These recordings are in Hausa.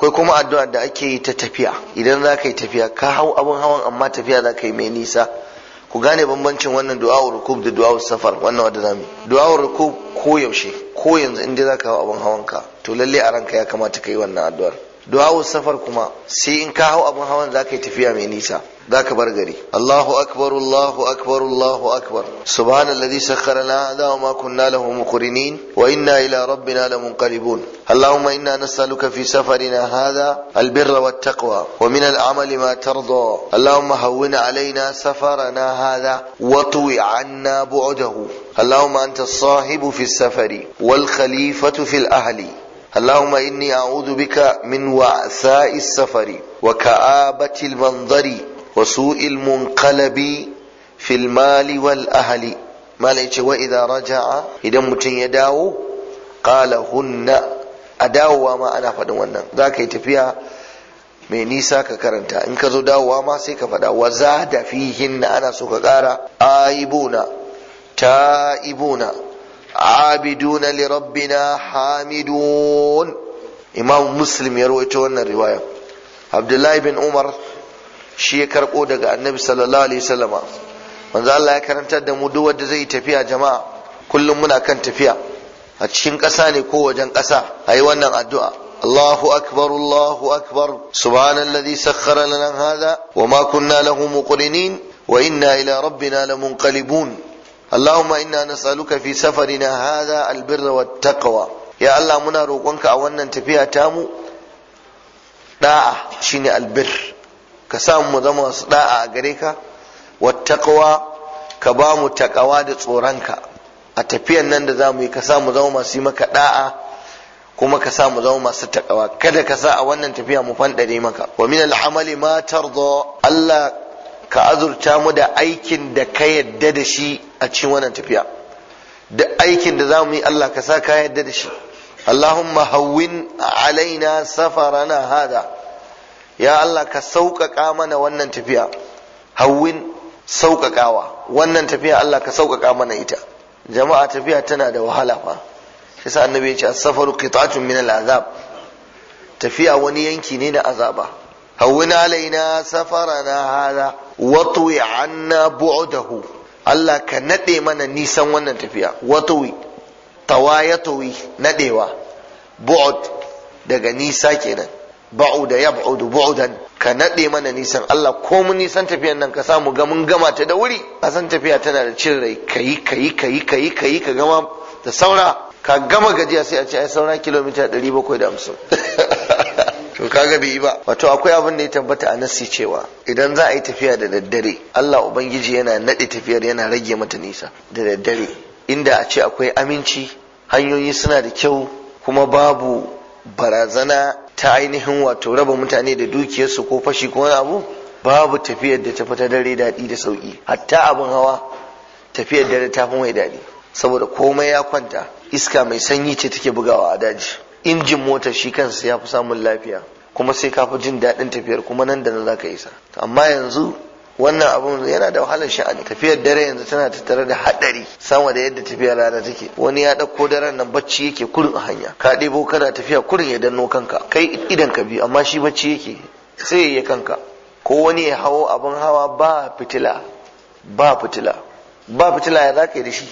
akwai kuma addu'a da ake yi ta tafiya idan za ka yi tafiya ka hau abin hawan amma tafiya za ka yi mai nisa ku gane bambancin wannan du'a'ur rukub da du'a'ur safar wannan wadda zamu du'a'ur rukub ko yaushe ko yanzu in dai za ka hau abin hawan ka to lalle a ranka ya kamata ka yi wannan addu'ar du'a'u safar kuma sai in ka hau abin hawan zaka yi tafiya mai nisa zaka bar gari Allahu akbar Allahu akbar Allahu akbar subhanalladhi sakhkhara lana wa ma kunna lahu muqrinin wa inna ila rabbina lamunqalibun Allahumma inna nas'aluka fi safarina hadha albirra wattaqwa wa min al'amali ma tarda Allahumma hawwin alaina safarana hadha wa tuwi 'anna bu'dahu اللهم أنت safari wal السفر والخليفة في الأهل اللهم إني أعوذ بك من وعثاء السفر وكآبة المنظر وسوء المنقلب في المال والأهل ما ليش وإذا رجع إذا متن يداو قال هن أداو ما أنا فدونا ذاك يتفيها mai nisa ka karanta in ka zo dawowa ma sai ka faɗa wa za da fihin ana so ka ƙara aibuna ta'ibuna عابدون rabbina حامدون Imam muslim يروي تونا wannan riwaya. Abdullahi bin Umar shi ya karɓo daga annabi sallallahu alaihi wasallama manzo Allah ya karantar da mu duk wanda zai tafiya jama'a kullum muna kan tafiya a cikin ƙasa ne ko wajen ƙasa ayi wannan addu'a Allahu akbar Allahu akbar subhanallazi sakhkhara lana hadha wama kunna lahu muqrinin wa inna ila rabbina lamunqalibun اللهم إنا نسألك في سفرنا هذا البر والتقوى يا الله منا روقنك أولا تفيها تامو داعة شيني البر كسام مدام داعة غريكا والتقوى كبام تقوى تصورنك أتفيا نند ذامي كسام ذو ما maka داعة kuma ka sa mu zama masu takawa kada ka sa a wannan tafiya mu fandare maka wa min alhamali ma tarda Allah ka azurta mu da aikin da ka yadda da shi a cikin wannan tafiya da aikin da zamu yi Allah ka sa ka yarda da shi Allahumma hawwin alaina safarana hada ya Allah ka sauƙaƙa mana wannan tafiya hawwin sauƙaƙawa wannan tafiya Allah ka sauƙaƙa mana ita jama'a tafiya tana da wahala fa shi annabi ya ce as-safaru qita'atun min al-azab tafiya wani yanki ne na azaba hawwin alaina safarana hada wa anna bu'dahu Allah ka naɗe mana nisan wannan tafiya watawi tawayatawi nadewa bu'ud daga nisa kenan ba'uda yab'udu bu'udan ka naɗe mana nisan Allah ko mun nisan tafiyan nan ka samu ga mun gama ta da wuri a san tafiya tana da cin rai kayi kayi kayi kayi kayi ka gama da saura ka gama gajiya sai a ce ai saura kilomita 750 to ga bai yi ba wato akwai abin da ya tabbata a nassi cewa idan za a yi tafiya da daddare Allah ubangiji yana nade tafiyar yana rage mata nisa da daddare inda a ce akwai aminci hanyoyi suna da kyau kuma babu barazana ta ainihin wato raba mutane da dukiyarsu ko fashi ko wani abu babu tafiyar da tafi ta dare daɗi da sauƙi hatta abin hawa tafiyar dare ta fi mai daɗi saboda komai ya kwanta iska mai sanyi ce take bugawa a daji injin motar shi kansa ya fi samun lafiya kuma sai ka fi jin daɗin tafiyar kuma nan da nan za ka isa amma yanzu wannan abun yana da wahalar sha'ani tafiyar dare yanzu tana tattare da haɗari sama da yadda tafiyar rana take wani ya ɗauko daren nan bacci yake kurin a hanya ka ɗebo kana tafiya kurin ya danno kanka kai idan ka biyu amma shi bacci yake sai ya kanka ko wani ya hawo abin hawa ba fitila ba fitila ba fitila ya za ka yi da shi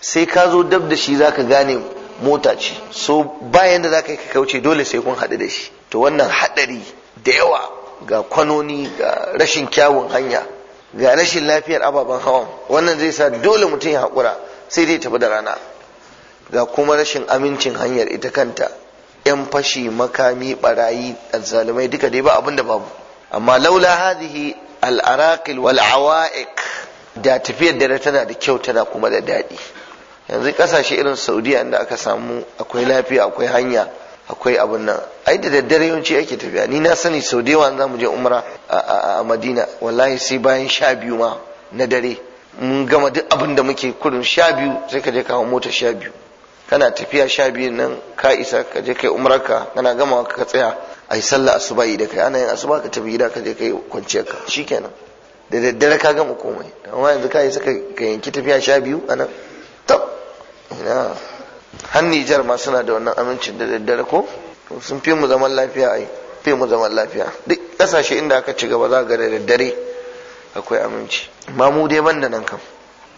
sai ka zo dab da shi za ka gane mota ce so bayan da za ka yi ka kauce dole sai kun haɗu da shi to wannan haɗari da yawa ga kwanoni ga rashin kyawun hanya ga rashin lafiyar ababen hawan wannan zai sa dole mutum ya haƙura sai dai tafi da rana ga kuma rashin amincin hanyar ita kanta yan fashi makami barayi azzalumai duka dai ba abin da babu amma laula hadhihi al-araqil wal awaiq da tafiyar dare tana da kyau tana kuma da daɗi yanzu kasashe irin saudiya inda aka samu akwai lafiya akwai hanya akwai abin nan ai da daddare yawanci ake tafiya ni na sani sau da zamu za je umra a madina wallahi sai bayan sha biyu ma na dare mun gama duk abin da muke kudin sha biyu sai ka je kawo mota sha biyu kana tafiya sha biyu nan ka isa ka je kai umrarka kana gama ka tsaya a yi sallah asuba da kai ana yin asuba ka tafi gida ka je kai kwanciyar ka shikenan da daddare ka gama komai amma yanzu ka isa ka yanki tafiya sha biyu a nan ina har Nijar ma suna da wannan amincin da daddare ko sun fi mu zaman lafiya ai fi mu zaman lafiya duk kasashe inda aka ci gaba za ga da daddare akwai aminci ma mu dai banda nan kam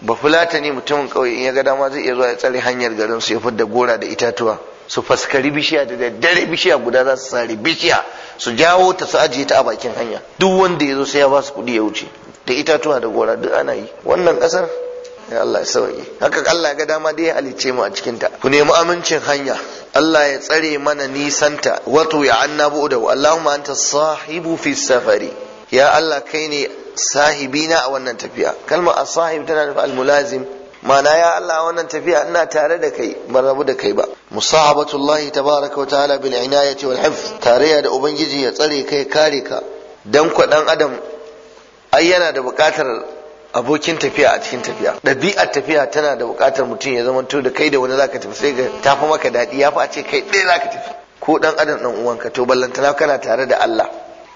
ba fulata ne mutumin kauye in ya ga dama zai iya zuwa ya tsare hanyar garin su ya da gora da itatuwa su faskari bishiya da daddare bishiya guda za su sare bishiya su jawo ta su ajiye ta a bakin hanya duk wanda ya zo sai ya ba su kuɗi ya wuce da itatuwa da gora duk ana yi wannan ƙasar ya Allah ya sauke haka Allah ya ga dama dai ya halice mu a cikin ta ku nemi amincin hanya Allah ya tsare mana nisanta wato ya annabu da Allahumma anta sahibu fi safari ya Allah kai ne sahibina a wannan tafiya Kalma as-sahib tana da al-mulazim mana ya Allah wannan tafiya ina tare da kai ban rabu da kai ba musahabatullahi tabaraka wa ta'ala bil inayati wal hifz tarayya da ubangiji ya tsare kai kare ka dan kwadan adam ai yana da bukatar abokin tafiya a cikin tafiya ɗabi'ar tafiya tana da buƙatar mutum ya zama to da kai da wani zaka tafi sai ga tafi maka daɗi ya fi a ce kai ɗaya zaka tafi ko ɗan adam ɗan uwanka to ballantana kana tare da Allah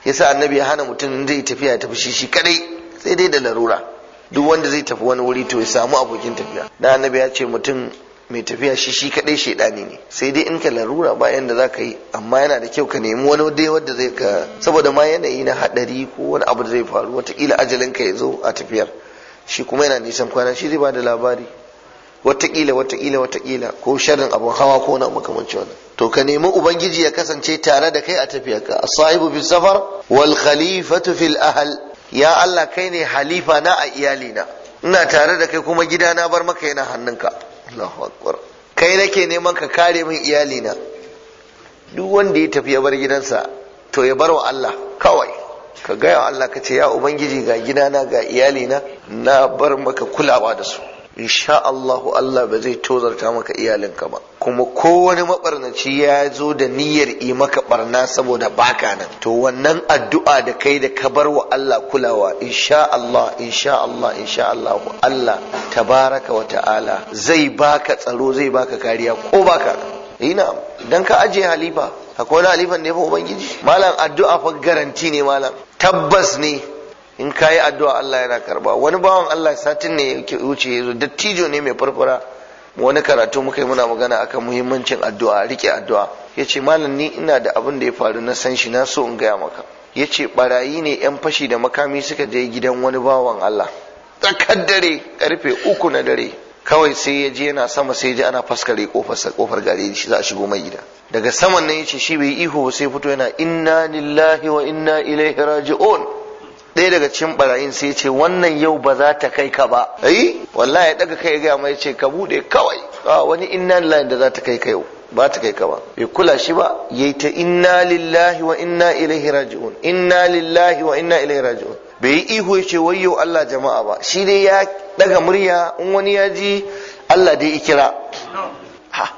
yasa annabi ya hana mutum zai tafiya ya tafi shi shi kadai sai dai da larura duk wanda zai tafi wani wuri to ya samu abokin tafiya na annabi ya ce mutum mai tafiya shi shi kadai shaidani ne sai dai in ka larura bayan da zaka yi amma yana da kyau ka nemi wani dai wanda zai ka saboda ma yanayi na hadari ko wani abu da zai faru watakila ajalin ka ya zo a tafiyar shi kuma yana nisan kwana shi zai ba da labari watakila watakila watakila ko sharrin abun hawa ko na makamanci wannan to ka nemi ubangiji ya kasance tare da kai a tafiyarka ka sahibu fil safar wal khalifatu fil ahl ya Allah kai ne halifa na a iyali na. ina tare da kai kuma gida na bar maka yana hannunka Allahu akbar kai nake neman ka kare min iyali na. duk wanda ya tafi ya bar gidansa to ya bar wa Allah kawai ka gaya wa Allah ka ce ya ubangiji ga gidana ga iyali na? na bar maka kulawa da su insha Allahu Allah ba zai tozarta maka iyalinka ba kuma kowane mabarnaci ya zo da niyyar yi maka barna saboda baka nan to wannan addu'a da kai da ka bar wa Allah kulawa insha Allah insha Allah insha Allah Allah tabaraka wa ta'ala zai baka tsaro zai baka kariya ko baka ina dan ka aje halifa akwai halifan ne fa ubangiji malam addu'a fa garanti ne malam tabbas ne in ka yi addu'a Allah yana karba wani bawan Allah satin ne yake wuce ya zo dattijo ne mai farfara wani karatu muka yi muna magana akan muhimmancin addu'a rike addu'a Ya ce malam ni ina da abin da ya faru na san shi na so in gaya maka Ya ce barayi ne yan fashi da makami suka je gidan wani bawan Allah tsakar dare karfe uku na dare kawai sai ya je yana sama sai ji ana faskare kofar kofar gare shi za a shigo mai gida daga saman nan yace shi bai ihu sai fito yana inna lillahi wa inna ilaihi raji'un ɗaya daga cikin barayin sai ce wannan yau ba za ta kai ka ba ai wallahi daga kai ga mai ce ka bude kawai a wani inna lillahi da za ta kai ka yau ba ta kai ka ba bai kula shi ba yayi ta inna lillahi wa inna ilaihi raji'un inna lillahi wa inna ilaihi raji'un bai yi ihu ya ce wayyo Allah jama'a ba shi dai ya daga murya in wani ya ji Allah dai ya kira ha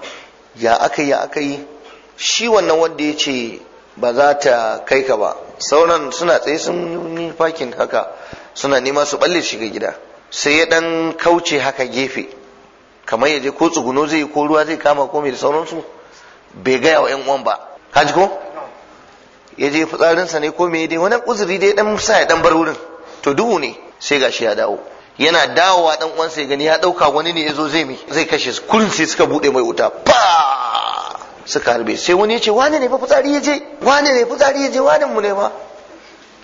ya aka ya aka yi shi wannan wanda ya ce ba za ta kai ka ba sauran suna tsaye sun yi fakin haka suna nema su balle shiga gida sai ya dan kauce haka gefe kamar ya je ko tsuguno zai ko ruwa zai kama ko mai da sauransu bai gaya wa yan uwan ba kaji ko ya je fitsarinsa ne ko mai dai wani uzuri dai dan sa ya dan bar wurin to duhu ne sai gashi ya dawo yana dawowa dan uwansa ya gani ya dauka wani ne ya zo zai zai kashe su Kurin sai suka bude mai wuta pa suka harbe sai wani ya ce wane ne fa fitsari ya je wane ne fitsari ya je wane mu ne ba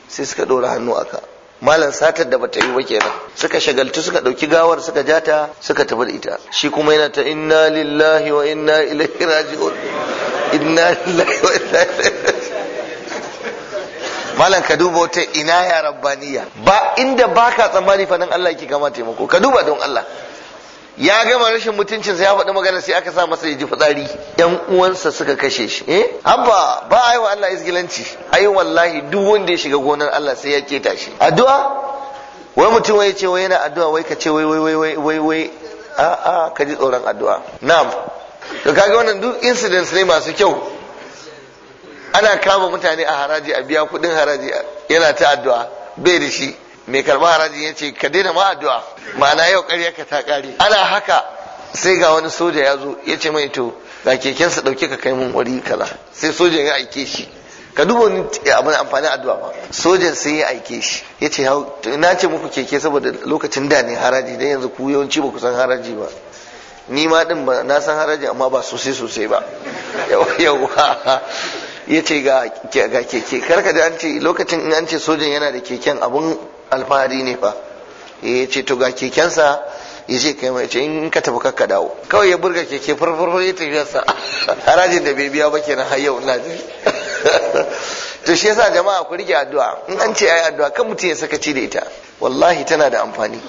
sai suka dora hannu aka malam satar da bata yi ba kenan suka shagaltu suka dauki gawar suka jata suka tafi da ita shi kuma yana ta inna lillahi wa inna ilaihi raji'un inna lillahi wa inna ilaihi malam ka duba wata ina ya rabbaniya ba inda baka tsammani fa nan Allah yake kama taimako ka duba don Allah ya gama rashin mutuncinsa ya faɗi magana sai aka sa masa ya ji fitsari yan uwansa suka kashe shi eh abba ba a yi wa Allah izgilanci ai wallahi duk wanda ya shiga gonar Allah sai ya keta shi addu'a wai mutum wai ce wai yana addu'a wai ka ce wai wai wai wai wai a a ka tsoron addu'a na'am to kaga wannan duk incidents ne masu kyau ana kama mutane a haraji a biya kuɗin haraji yana ta addu'a bai da shi mai karba harajin ya ce ka daina ma addu'a ma'ana yau ƙarya ka ta ƙari ana haka sai ga wani soja ya zo ya ce mai to ga kekensa ɗauke ka kai mun wuri kaza sai sojan ya aike shi ka duba wani eh, abin amfani addu'a ba sojan sai ya aike shi ya ce na ce muku keke saboda lokacin da ne haraji dan yanzu ku yawanci ba ku san haraji ba ni ma din ba na san haraji amma ba sosai sosai ba yawa ya ce ga keke karka da an ce lokacin in an ce sojan yana da keken abun alfahari ne fa ya ce to ga kekensa ya ce kai mai in ka tafi kakka dawo kawai ya burga keke farfarfar ya tafiyarsa harajin da bai biya ba kenan har yau na ji to shi yasa jama'a ku rike addu'a in an ce ayi addu'a kan mutum ya sakaci da ita wallahi tana da amfani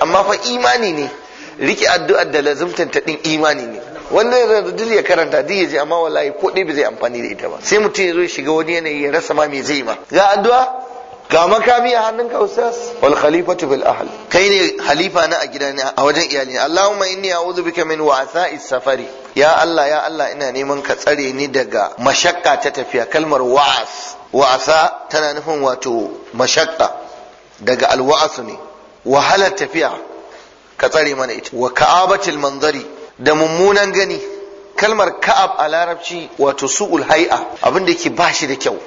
amma fa imani ne rike addu'ar da lazumtan ta din imani ne wanda ya duk ya karanta duk ya je amma wallahi ko ɗaya bai zai amfani da ita ba sai mutum ya zo shiga wani yanayi ya rasa ma me zai ma ga addu'a ga makami a hannun ustaz wal khalifatu bil ahl kai ne khalifa na a ne a wajen iyali Allahumma inni a'udhu bika min wa'sa'is safari ya Allah ya Allah ina neman ka tsare ni daga mashakka ta tafiya kalmar wa'as wa'asa tana nufin wato mashakka daga alwa'asu ne wahalar tafiya ka tsare mana ita wa ka'abatil manzari da mummunan gani kalmar ka'ab a larabci wato su'ul hai'a abin da yake bashi da kyau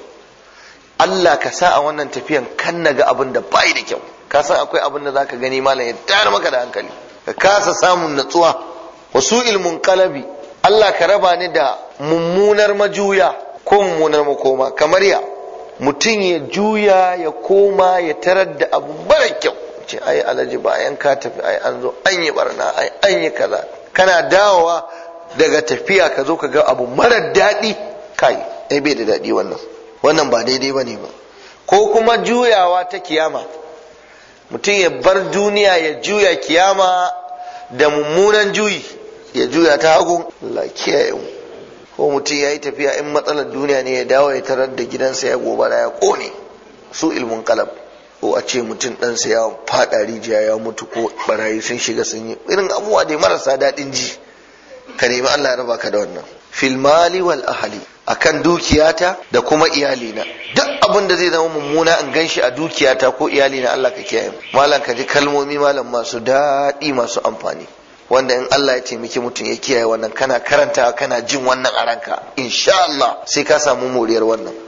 Allah ka sa a wannan tafiyan kan na ga abin da bai da kyau ka san akwai abin da zaka gani malam ya tare maka da hankali ka kasa samun natsuwa wasu ilmun kalabi Allah ka raba ni da mummunar majuya ko mummunar makoma kamar ya mutum ya juya ya koma ya tarar da abu mara kyau ce ai alaji bayan ka tafi ai an zo an yi barna ai an yi kaza kana dawowa daga tafiya ka zo ka ga abu mara daɗi kai ai bai da daɗi wannan wannan ba daidai ba ne ba ko kuma juyawa ta kiyama mutum ya bar duniya ya juya kiyama da mummunan juyi ya juya ta hagu lakiya ko mutum ya yi tafiya in matsalar duniya ne ya dawo ya tarar da gidansa ya gobara ya kone su ilmin kalab ko a ce mutum ɗansa ya faɗa rijiya ya mutu ko barayi sun shiga sun yi irin abubuwa dai marasa daɗin ji ka nemi allah ya raba ka da wannan fil mali wal ahli akan dukiyata da kuma iyalina duk abin da zai zama mummuna in ganshi a dukiyata ko iyalina Allah ka kiyaye malam ka ji kalmomi malam masu daɗi masu amfani wanda in Allah ya taimaki mutum ya kiyaye wannan kana karanta kana jin wannan a ranka insha Allah sai ka samu moriyar wannan